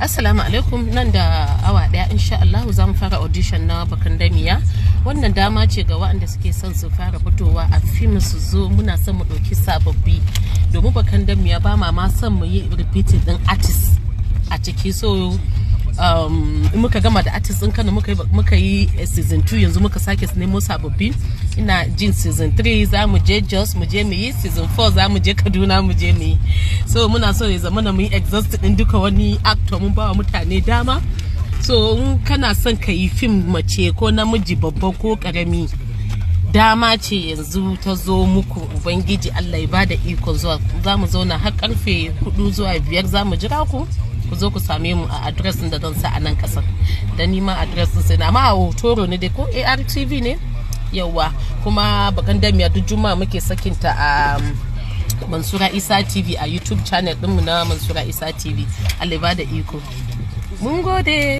assalamu alaikum nan da awa daya insha Allah za mu fara audition na bakan damiya wannan dama ce ga waɗanda suke son su fara fitowa a fim su zo muna son mu ɗauki sababbi domin bakan damiya ba ma ma son mu yi repeating din artist a ciki so Um, in muka gama da artist din kano muka yi eh, season 2 yanzu muka sake nemo sababbi ina jin season 3 za mu je jos mu je mu yi season 4 za mu je kaduna mu je mu yi so muna so ya zama mu yi exhaust ɗin duka wani actor mun ba wa mutane dama so in kana son ka yi fim mace ko namiji babba ko karami dama ce yanzu ta zo muku ubangiji allah ya bada ikon zuwa za mu zauna har karfe 4 zuwa 5 za mu jira ku ku zo ku same mu a adres da don sa a nan kasar da ni adres din sai na ma toro ne dai ko ARTV ne yawa kuma bakan damiya duk juma'a muke sakinta a um, Mansura Isa TV a YouTube channel mu na Mansura Isa TV. Allah da iko. Mun gode.